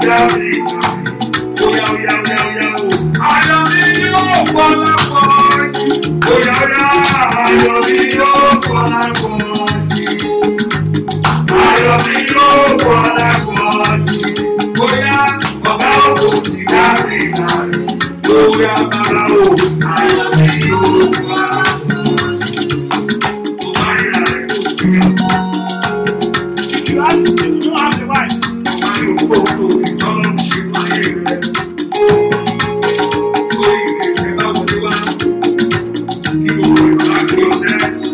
I love you, oya oya o. I mi yóò kọ́lá kọ́ ọ̀jì. I oya ayọ̀ mi yóò kọ́lá I ọ̀jì. Ayọ̀ mi yóò kọ́lá I ọ̀jì. Oya ọ̀gá òkò ti you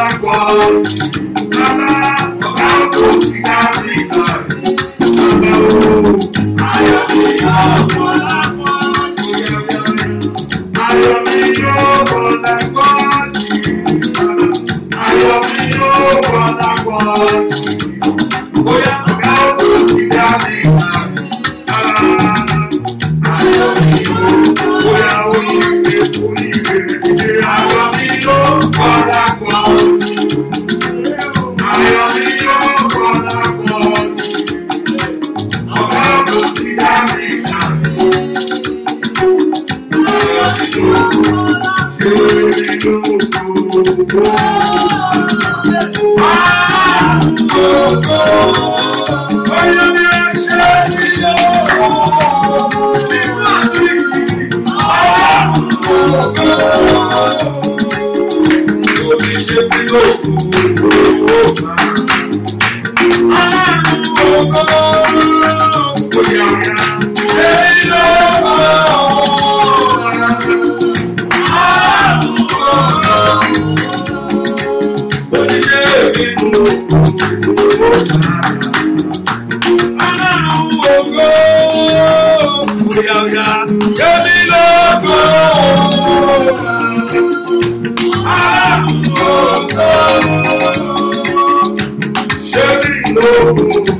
papọ̀. Bàbá ọ̀gá kò sí káàdì náà. Bàbá o, ayọ̀ mi yóò bọ̀ lápọ̀. Ayọ̀ mi yóò bọ̀ lápọ̀. Ayọ̀ mi yóò bọ̀ lápọ̀. Oh. lórí.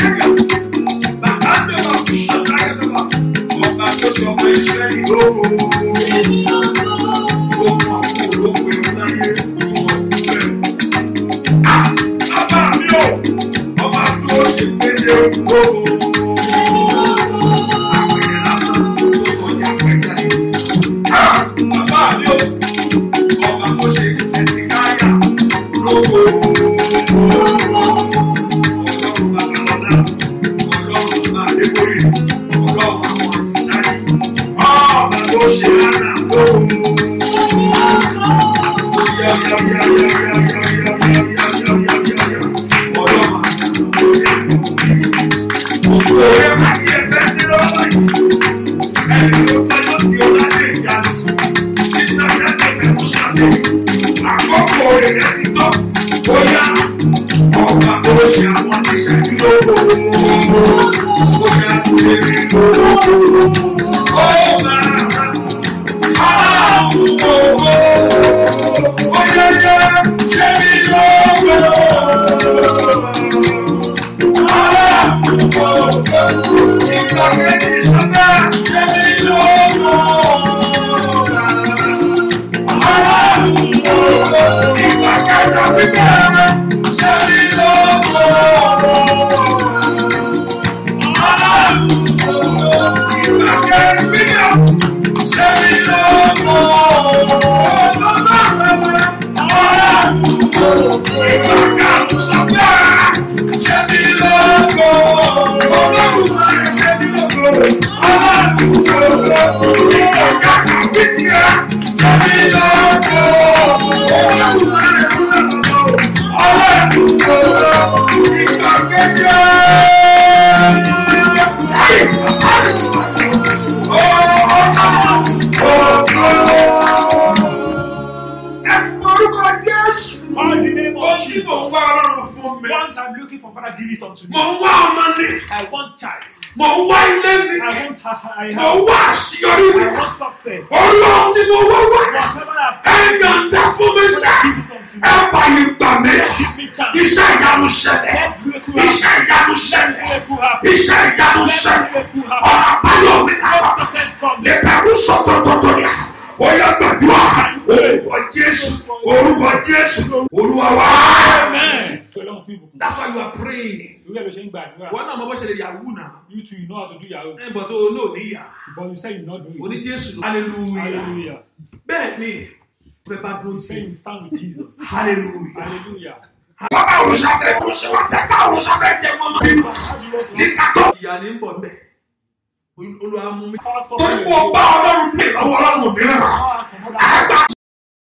Africa. Hallelujah mò ń wá fún mi. once i'm looking for father give it unto me. mò ń wá ọmọ ni. i want child. mò ń wá ilé mi. i want her. mò ń wá àṣeyọrí mi. i want success. olóhùn tí mo wá wá. ẹ yọ̀ǹda fún mi sẹ́. ẹ fàyè gbà mí. iṣẹ́ ìyanu ṣẹlẹ̀. iṣẹ́ ìyanu ṣẹlẹ̀. iṣẹ́ ìyanu ṣẹlẹ̀. ọ̀rọ̀ àbáyọ̀ mi làwọn. lè bẹ̀rù sọ̀tọ̀ tọ̀tọ̀ yà. ó yẹ gbàdúrà orúkọ Jésù orúkọ Jésù Olúwa wá that's why you are praying. lórí ẹ̀ ló ṣe ń gbàdúrà. wọn náà mọ bó you too you know how to do your own. But oh no, náà ní but you say you not doing. it. oní jésù hallelujah. bẹ́ẹ̀ ni pẹ̀lú bá dùn sí. you stand with jesus. hallelujah. hallelujah. bàbá olùṣàfẹ́ kò ṣe wọn bàbá olùṣàfẹ́ jẹ wọn mọ́. ní kàtó. ìyá ni ń bọ̀ bẹ́ẹ̀ olùwàmú mi. torí kò bá ọlọ́run pè lọ́wọ́ ọlọ́run mìíràn. àgbà.